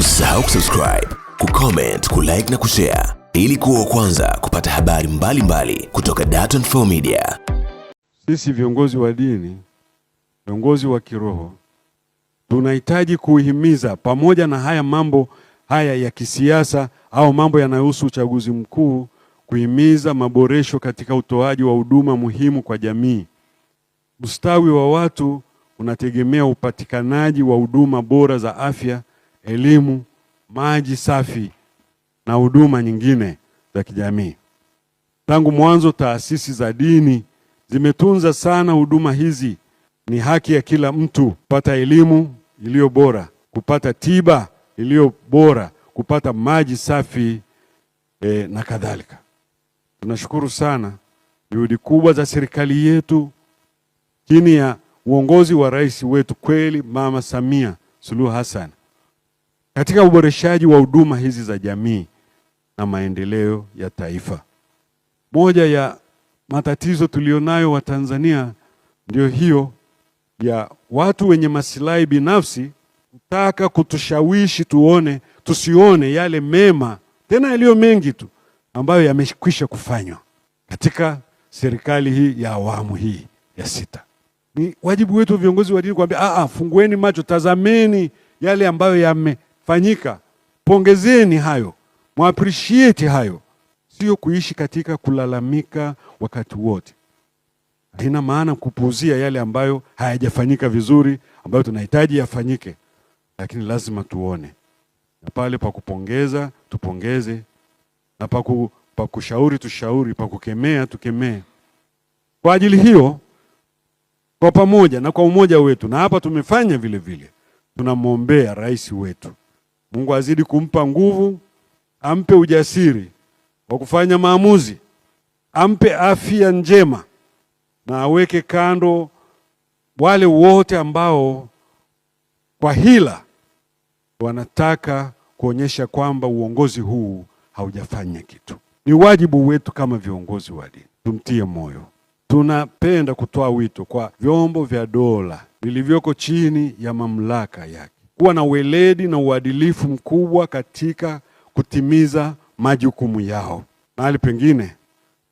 Usisahau kusubscribe, kucomment, kulike na kushare ili kuwa kwanza kupata habari mbalimbali mbali kutoka Dar24 Media. Sisi viongozi wa dini, viongozi wa kiroho tunahitaji kuhimiza pamoja na haya mambo haya ya kisiasa au mambo yanayohusu uchaguzi mkuu, kuhimiza maboresho katika utoaji wa huduma muhimu kwa jamii. Ustawi wa watu unategemea upatikanaji wa huduma bora za afya elimu, maji safi na huduma nyingine za kijamii. Tangu mwanzo, taasisi za dini zimetunza sana huduma hizi. Ni haki ya kila mtu kupata elimu iliyo bora, kupata tiba iliyo bora, kupata maji safi e, na kadhalika. Tunashukuru sana juhudi kubwa za serikali yetu chini ya uongozi wa rais wetu kweli Mama Samia Suluhu Hassan katika uboreshaji wa huduma hizi za jamii na maendeleo ya taifa. Moja ya matatizo tulionayo wa Tanzania ndio hiyo ya watu wenye masilahi binafsi kutaka kutushawishi tuone tusione yale mema tena yaliyo mengi tu ambayo yamekwisha kufanywa katika serikali hii ya awamu hii ya sita. Ni wajibu wetu viongozi wa dini kuambia, a, ah, ah, fungueni macho, tazameni yale ambayo yame fanyika. Pongezeni hayo, mwapreciate hayo, sio kuishi katika kulalamika wakati wote. Haina maana kupuuzia yale ambayo hayajafanyika vizuri, ambayo tunahitaji yafanyike, lakini lazima tuone na pale pa kupongeza tupongeze, na paku, pa kushauri tushauri, pa kukemea tukemee. Kwa ajili hiyo, kwa pamoja na kwa umoja wetu, na hapa tumefanya vile vile, tunamwombea rais wetu. Mungu azidi kumpa nguvu, ampe ujasiri wa kufanya maamuzi, ampe afya njema na aweke kando wale wote ambao kwa hila wanataka kuonyesha kwamba uongozi huu haujafanya kitu. Ni wajibu wetu kama viongozi wa dini tumtie moyo. Tunapenda kutoa wito kwa vyombo vya dola vilivyoko chini ya mamlaka yake kuwa na weledi na uadilifu mkubwa katika kutimiza majukumu yao. Mahali pengine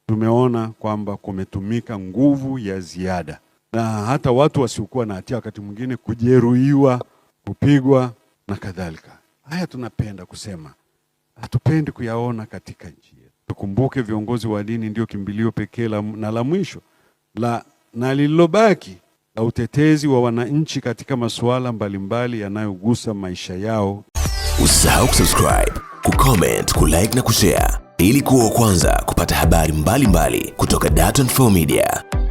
tumeona kwamba kumetumika nguvu ya ziada, na hata watu wasiokuwa na hatia wakati mwingine kujeruhiwa, kupigwa na kadhalika. Haya tunapenda kusema, hatupendi kuyaona katika nchi yetu. Tukumbuke viongozi wa dini ndio kimbilio pekee na la mwisho la na lililobaki na utetezi wa wananchi katika masuala mbalimbali yanayogusa maisha yao. Usisahau kusubscribe, kucomment, kulike na kushare ili kuwa wa kwanza kupata habari mbalimbali mbali kutoka Dar24 Media.